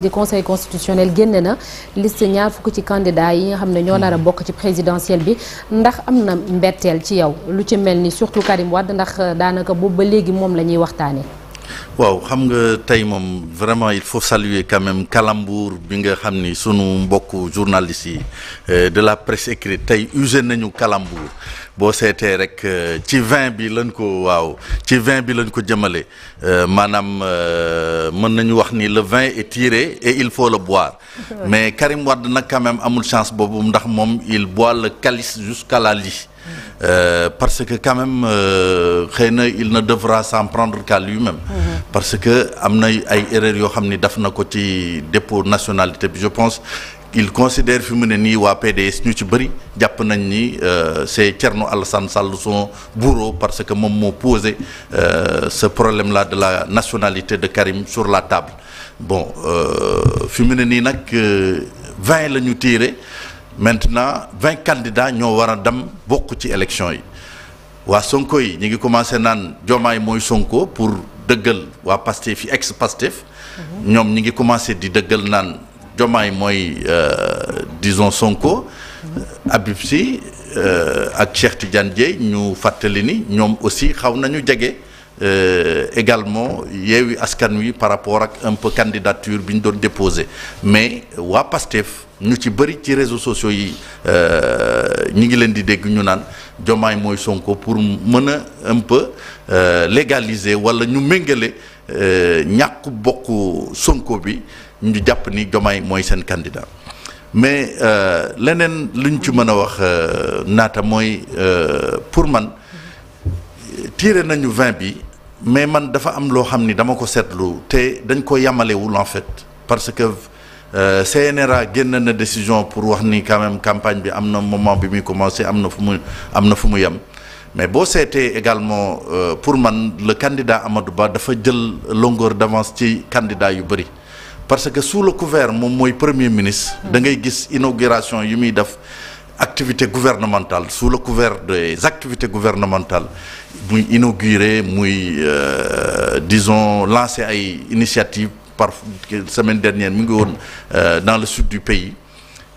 di conseil constitutionnel génne na liste ñaar fukk ci candidat yi nga xam ne ñoo nar bokk ci présidentielle bi ndax am na mbetteel ci yow lu ci mel ni surtout Karim wadd ndax euh, daanaka boobu ba léegi moom la ñuy waxtaanee. waaw xam nga tey moom vraiment il faut saluer quand même calembour bi nga xam ni sunu mbokku journalistes yi euh, de la presse écrite tey usé nañu calembour boo seetee rek euh, ci vin bi lañ ko waaw ci vin bi lañ ko jëmale euh, maanaam euh, mën nañu wax ni le vingt est tiré et il faut le boire mais Karim Wade nag quand même amul chance boobu ndax moom il boit le calice jusqu'à la mm. parce que quand même xëy na il ne devra s'en prendre qu'à lui-même mm-hmm. parce que am na ay erreurs yoo xam ni daf na ko ci dépôt nationalité bi je pense il considère fi mu ne nii waa PDS ñu ci bëri jàpp nañ ni euh, c'est Thierno Alassane Sall son bourreau parce que moom moo posé euh, ce problème la de la nationalité de Karim sur la table bon euh, fi mu ne nii nag vingt la ñu tiire maintenant vingt candidats ñoo war a dem bokk ci élection yi waa Sonko yi ñu ngi commencé naan Diomaye mooy Sonko pour dëggal waa Pastef yi ex Pastef mhm. ñoom ñu ngi commencé di dëggal naan Jomaay mooy euh, disons Sonko euh, Habib Sy euh, ak Cheikh Tidiane Dièye ñu fàttali ni ñoom aussi xaw nañu jege également Yewwi Askan Wi par rapport ak un candidature bi ñu doon déposé mais waa Pastef ñu ci bëri ci réseau sociaux yi ñu ngi leen di dégg ñu naan Jomaay mooy Sonko pour mën a un peu légaliser wala ñu méngale. Euh, ñàkk bokk Sonko bi ñu jàpp ni Diomaye mooy seen candidat mais euh, leneen lu ñu ci mën a wax euh, naata mooy pour man tiré nañu vingt bi mais man dafa am loo xam ni dama ko seetlu te dañ ko yamalewul en fait parce que Euh, CNRA génn na décision pour wax ni quand même campagne bi am na moment bi muy commencé am na fu mu am na fu mu yem mais boo seetee également euh, pour man le candidat Amadou Ba dafa jël longueur d'avance ci candidat yu bëri parce que sous le couvert moom mooy premier ministre mm. da ngay gis inauguration yi muy def activité gouvernementale sous le couvert des activités gouvernementales muy inaugurer muy euh, disons lancer ay initiative par semaine dernière mi ngi woon euh, dans le sud du pays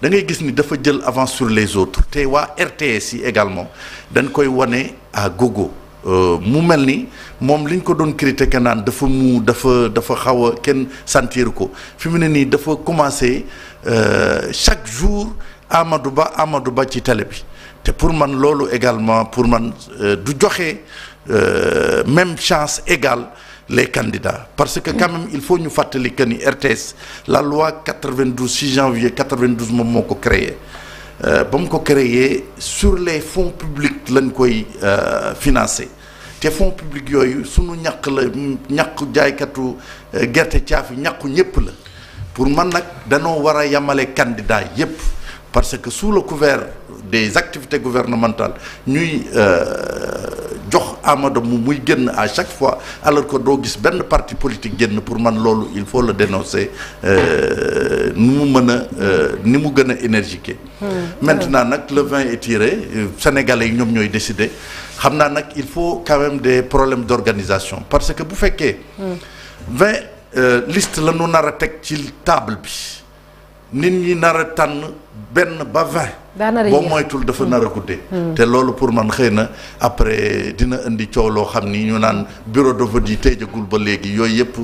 da ngay gis ni dafa jël avant sur les autres te waa RTS yi également dañ koy wane à gogo euh, mu mel ni moom liñ ko doon critiquer naan dafa mu dafa dafa xaw a kenn sentir ko fi mu ne nii dafa commencé euh, chaque jour amadu Ba amadu Ba ci télé bi te pour man loolu également pour man euh, du joxe même chance égale les candidats parce que quand il faut ñu fàttali que ni RTS la loi 92 6 janvier 92 moom moo ko créé euh, ba mu ko créé sur les fonds publics lañ koy euh, financer te fonds publics yooyu sunu ñàkk la ñàkk jaaykatu euh, gerte caaf yi ñàkku ñëpp la pour man nag danoo war a yamale candidat yëpp parce que sous le couvert des activités gouvernementales ñuy. Amadou mu muy génn à chaque fois alors que doo gis benn parti politique génn pour man loolu il faut le dénoncer euh, ni mu mën a euh, ni mu gën a énergique hmm. maintenant nag le vin est tiré yi ñoom ñooy décidé xam naa nag il faut quand même des problèmes d'organisation parce que bu fekkee hmm. vingt euh, liste la ñu nar teg ci table bi nit ñi nar a tànn benn ba vingt. boo moytul dafa nar a mm-hmm. guddee. Mm-hmm. te loolu pour man xëy na après dina indi coow loo xam ni ñu naan bureau de vote yi tëjagul ba léegi yooyu yëpp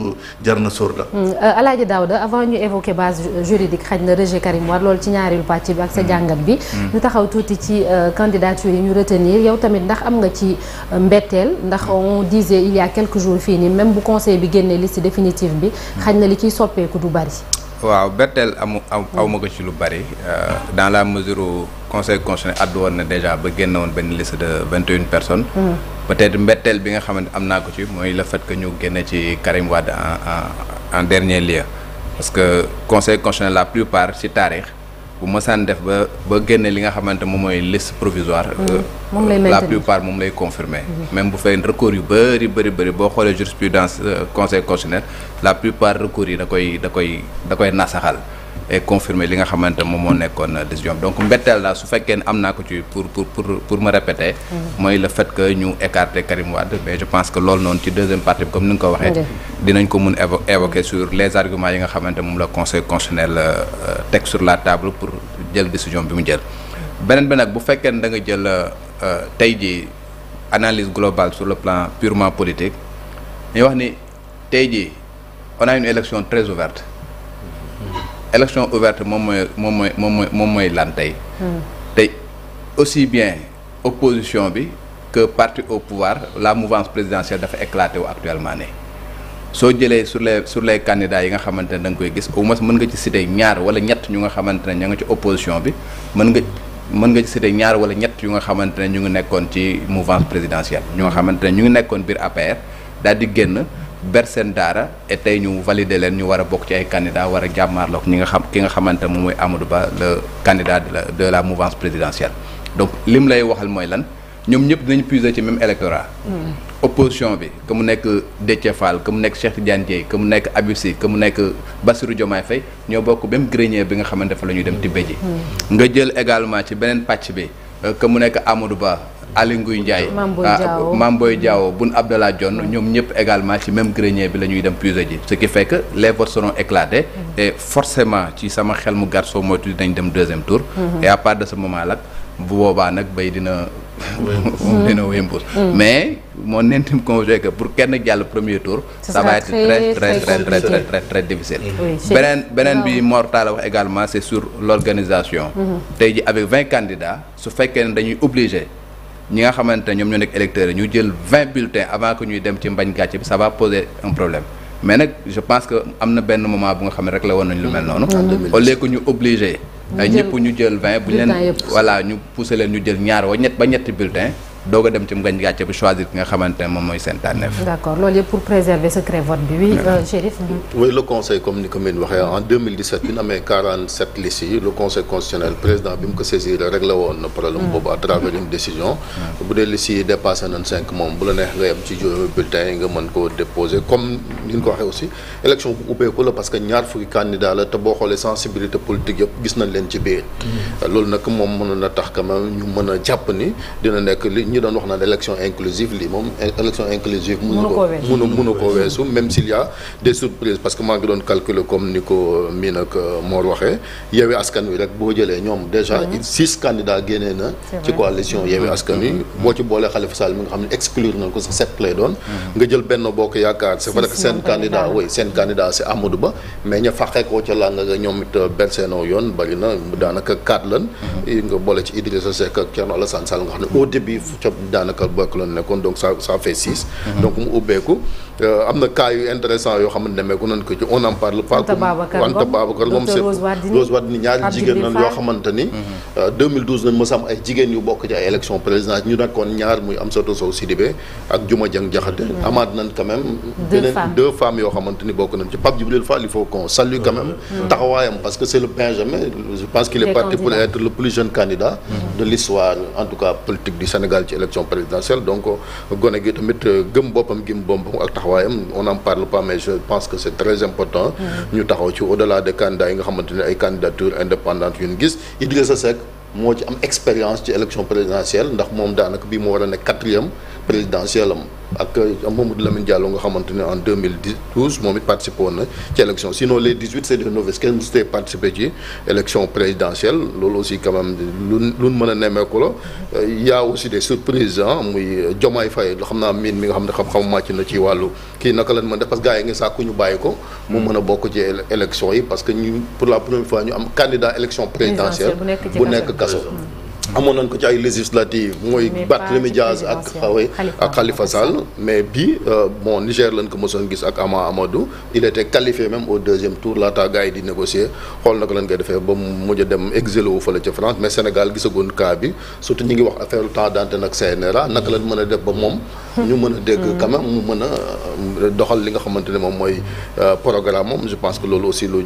jar na sóor la. El daaw Daouda avant ñu évoquer base juridique xaj na rejet Karim Wade lool ci ñaareelu pàcc bi ak sa mm. jàngat bi. Mm. ñu taxaw tuuti ci euh, candidature yi ñu retenir yow tamit ndax am nga ci euh, mbetteel ndax mm. on disait il y a quelques jours fii nii même bu conseil bi génnee liste définitive bi. xaj na li ciy soppeeku du bari. waaw berteel amu aw ma ko ci lu bari euh, dans la mesure où conseil constitutionnel addu woon na déjà ba génn woon benn liste de vingt une personnes. Hmm. peut-être mbetteel bi nga xamante am naa ko ci mooy le fait que ñu génne ci Karim Wade en en en dernier lieu parce que conseil constitutionnel la plupart ci taarix. bu mësaan def ba ba génne li nga xamante moom mooy liste provisoire. Mm-hmm. Euh, moom lay la plupart moom lay confirmer mm-hmm. même bu fay recours yu bëri bëri bëri boo xoolee jurisprudence euh, conseil constitutionnel la plupart recours yi da koy da koy da koy nasaxal. et confirmer li nga xamante moom moo nekkoon décision bi donc mbetteel daal su fekkee ne am naa ko ci pour pour pour pour me répéter. Mm-hmm. mooy le fait que ñu écarter Karim Wade mais je pense que loolu noonu ci deuxième partie bi comme ni nga ko waxee. Mm-hmm. dinañ ko mun évo évoquer sur les arguments yi nga xamante moom la conseil constitutionnel euh, teg sur la table pour jël décision bi mu jël. beneen bi nag bu fekkee ne da nga jël euh, euh, tey jii analyse globale sur le plan purement politique ñu wax ni tey ji on a une élection très ouverte. élection ouverte moom mooy moom mooy moom mooy moom mooy lan tey hmm. tey aussi bien opposition bi que parti au pouvoir la mouvance présidentielle dafa éclaté wu actuellement ne soo jëlee sur les sur les candidats yi nga xamante ne da koy gis au moins mën nga ci citer ñaar wala ñett ñu nga xamante ne ña nga ci opposition bi mën nga mën nga ci ñaar wala ñett yu nga xamante ne ñu ngi nekkoon ci mouvance présidentielle ñu nga xamante ne ñu ngi nekkoon biir APR daal di génn ber seen daara et tey ñu valider leen ñu war a bokk ci ay candidats war a jàmmaarloog ñi nga xam ki nga xamante moom mooy Amadou Ba le candidat de la de la mouvance présidentielle donc lim lay waxal mooy lan ñoom ñëpp dinañ puiser ci même électorat mm. opposition bi que mu nekk Déthié Fall que mu nekk Cheikh Tidiane Dièye que mu nekk Habib Sy que mu nekk Bassirou Diomaye Faye ñoo bokk même grenier bi nga xamante fa la ñuy dem tibbee ji mm. nga jël également ci beneen pàcc bi euh, que mu nekk Amadou Ba Aly Ngouille Ndiaye Mame Boye ah, Diao Boun Abdallah ñoom ñëpp également ci même grenier bi la ñuy dem puiser ji ce qui fait que les votes seront éclatés mhm. ci sama xel mu gàtt soo moytu dinañ dem deuxième tour mhm. et à part de ce moment là bu boobaa nag bay dina mhm. dina mais mon intime conviction est pour kenn jàll premier tour sa va être très très très très très très difficile beneen beneen bi mortal wax également c'est sur l'organisation tey ji avec vingt candidats su fekkee ne dañuy obligé ñi nga xamante ne ñoom ñoo nekk électeurs yi ñu jël vingt bulletins avant que ñuy dem ci mbañ gàcce bi ça va poser un problème mais nag je pense que am na benn moment bu nga xam ne rek la woon nañ lu mel noonu au lieu que ñu obligé ñëpp ñu jël vingt bu ñu leen voilà ñu poussé leen ñu jël ñaar wa ñett ba ñetti bulletin doog a dem ci ngañ nga xamante moom mooy seen tànneef. loolu yëpp pour préserver secret vote bi oui euh, Chérif. Euh. conseil comme ni ko Mine waxee en 2017 bi ñu amee 47 listes yi le conseil constitutionnel président bi mu ko saisir rek la woon problème hmm. boobu à travers une décision. Hmm. bu dee listes yi dépassé nañ 5 moom bu la neex nga yem ci juróomi bulletin yi nga mën koo déposer comme ni ñu ko waxee aussi élection bu ubbeeku la parce que ñaar hmm. a jàpp ni dina nekk ñi doon wax naan élection inclusive lii moom élection inclusive mënu a mënu mënu ko weesu même s'il y a des parce que maa ngi doon calculer comme ni ko euh, mii nag euh, Mor waxee Yewwi Askan Wi rek boo jëlee ñoom déjà mm-hmm. six candidats génnee na ci coalition Yewwi Askan Wi mm-hmm. boo ci boolee Khalifa Sall mi nga xam ne exclure nañ ko sax sept lay doon mm-hmm. nga jël Benno Bokk Yaakaar c'est vrai que seen candidat oui seen candidat c'est Amadou Ba mais ña faqee koo ca laa nga ñoom it euh, berseenoo yoon ca daanaka bokk la nekkoon donc ça ça fait six. Mhm. donc mu ubbeeku euh, am na cas intéressant yoo xam ne moom c'est mhm. euh, am ay jigéen yu bokk ci ay élection présidentielle ñu nekkoon ñaar muy Amsatou Sow Sidibé ak Juma Dieng mhm. amaat nañ quand même. beneen yoo xamante ni bokk nañ ci Pape Djibril Fall il faut qu'on salue quand taxawaayam parce que c'est le benjamin parti pour être le plus jeune candidat de l'histoire en tout cas politique du Sénégal ci élection présidentielle donc euh, gone gi tamit euh, gëm boppam gim boppam ak taxawaayam on n'en parle pas mais je pense que c'est très important mm-hmm. ñu taxaw ci au-delà des candidats yi nga xamante ay candidatures indépendantes yu ñu gis Idrissa Seck moo ci am expérience ci élection présidentielle ndax moom daanaka bii moo war a nekk quatrième présidentielle am ak euh, Mamadou Lamine Diallo nga xamante ne en 2012 moom it participé woon ci élection présidentielle loolu aussi quand lu lu mën a nemmeeku la euh, aussi des surprises muy Diomaye Faye xam naa miin mi nga xam ne xam-xam màcc na ci wàllu kii naka lañ mën def parce que yi nga sàkku ñu bàyyi ko mu mën a bokk ci élection yi parce que ñu pour la première fois ñu am candidat élection présidentielle bu nekk kaso mm. amoon nañ ko ci ay législatives mooy Barthélémy Dias ak xawe ah ak mais bi euh, bon Niger lañ ko mosoon gis ak Ama Amadou il était qualifié même au deuxième tour laata gars yi di négocier xool naka lañ koy defee ba mu mujj a dem exilé wu fële ca France mais Sénégal gisagoon cas bi surtout ñi ngi wax affaire temps d'antenne ak CNRA naka lañ mën a def ba moom ñu mën a dégg mm. quand mu mën a euh, doxal li nga xamante ne moom mooy euh, programme moom je pense que loolu aussi lu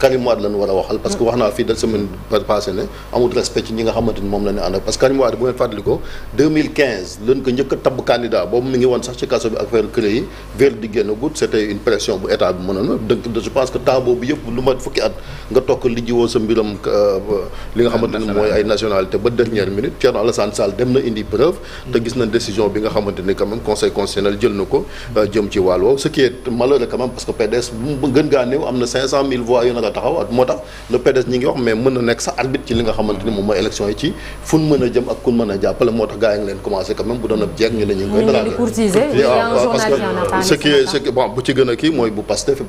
Karim Wade lañu war a waxal parce que wax naa fii da semaine passée ne amul respect ci ñi nga xamante moom la ñu ànd ak parce que Karim bu ngeen fàttalikoo 2015 ko njëkk a tabb candidat boobu mi ngi woon sax ci kaso bi affaire cré yi verdi génn gudd c' une pression bu état bi mënoon donc je pense que temps boobu yëpp lu ma fukki at nga toog li jiwoo sa mbiram euh, li nga xamante mooy ay nationalité ba dernière minute Thierno Alassane Sall dem na bi nga xamante ni quand même conseil constitutionnel jël na ko euh, jëm ci voix yu a taxaw moo tax le PDS ñi ngi wax mais mën na nekk sax arbitre ci li nga xamante moom mooy élection yi ci fun mën a jëm ak kun mën a jàppale moo tax gars yi ngi leen commencé quand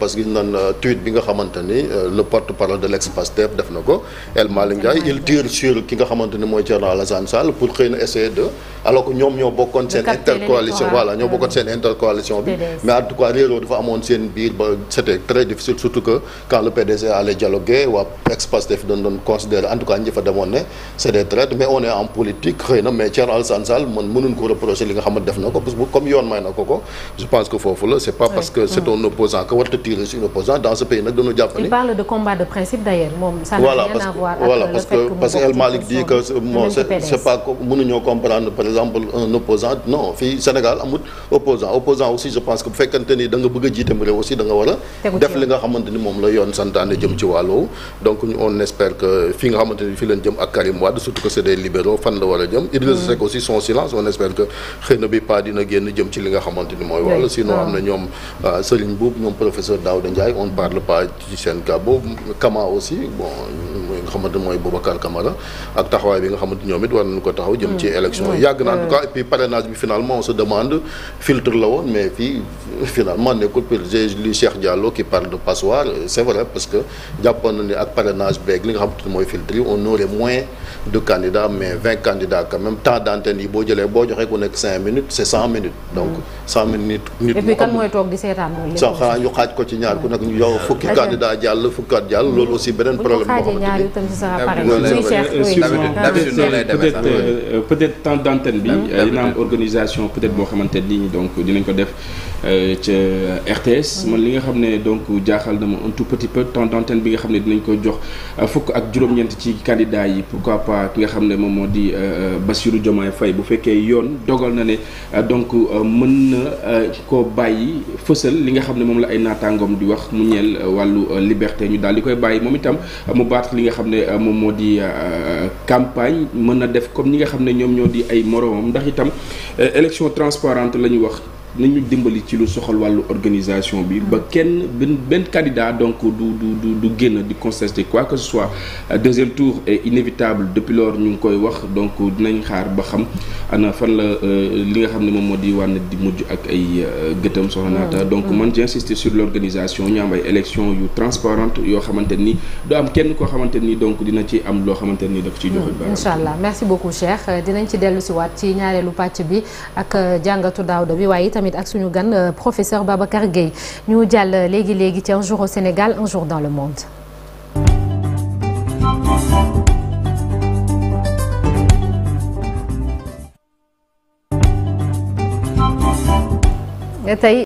parce que ci euh, gën nga xamante euh, le porte parole de l'ex def na ko El Malick il tire sur ki nga xamante ni mooy Thierno Alassane Sall pour xëy na essayer de alors ñoom ñoo bokkoon seen intercoalition voilà ñoo bokkoon seen intercoalition bi mais en tout le PDC allait dialoguer waa ex-Pastef doon doon en tout cas ñi demoon ne c'est des traîtres mais on est en politique xëy na mais Thierno Alassane Sall man mënuñ ko reprocher li nga xamante def na ko parce que comme yoon may na ko ko je pense que foofu la c'est pas parce que c'est mm. un opposant que warta tirer sur un opposant dans ce pays nag dañu jàpp ni parce que El Malick dit que c'est pas mënuñoo comprendre par exemple un opposant non fii Sénégal a santaane jëm ci wàllu donc ñu on espère ni fi la war a jëm Idrissa mm. Seck aussi son silence on espère li nga xamante ni mooy wàllu sinon am na ah. ñoom euh, ak taxawaay bi nga xamante ñoom it war nañu ko taxaw jëm ci mm. élection yi mm. yàgg na en tout cas et puis parrainage bi finalement on se demande filtre la woon mais fii finalement nekkul pour j'ai lu Cheikh Diallo parle de passoire c'est vrai parce que jàppoon na ni ak parrainage beeg li nga xamante ni mooy filtre yi on aurait moins de candidats mais vingt candidats quand même temps d'antenne yi boo jëlee boo joxee ku nekk cinq minutes c'est cent minutes. donc cent minutes. nit et puis mooy toog di seetaan loolu lépp. xanaa xaaj ko ci ñaar ku nekk ñu yow fukki candidat jàll fukki at jàll loolu aussi beneen problème boo xamante ni peut-être temps d'antenne bi dina euh, am organisation peut-être boo xamante ni donc dinañ ko def Euh, ca RTS man li nga xam ne donc jaaxal na ma un tout petit peu temps d'antenne bi nga xam ne dinañ ko jox euh, fukk ak juróom-ñeent ci candidat yi pour pourquoi pas ki nga xam ne moom moo di euh, Bassirou Diomaye fay bu fekkee yoon dogal na ne donc mën na ko bàyyi fësal li nga xam ne moom la ay naataangoom di wax mu ñeel wàllu liberté ñu daal di koy bàyyi moom itam mu baat li nga xam ne moom moo di campagne mën na def comme ñi nga xam ne ñoom ñoo di ay moroomam ndax itam élection la ñu wax nañu dimbali ci lu soxal wàllu organisation bi ba mm. kenn benn benn candidat donc du du du génn di contester quoi que ce soit euh, deuxième tour est inévitable depuis ñu ngi koy wax donc dinañ xaar ba xam ana fan la euh, li nga xam ne moom moo di wànn di mujj ak ay euh, gëtam soxna mm. naata donc mm. man j'insiste sur l'organisation ñu am ay élections yu transparente yoo xamante ni du am kenn koo xamante nii donc dina ci am loo xamante ni da ko ciy joxe baax incha allah merci beaucoup ci waat ci ñaareelu pàcc bi ak jàngatu tamit ak suñu gan euh, professeur Babacar Gueye ñu jàll léegi léegi ci un jour au Sénégal un jour dans le monde. Euh,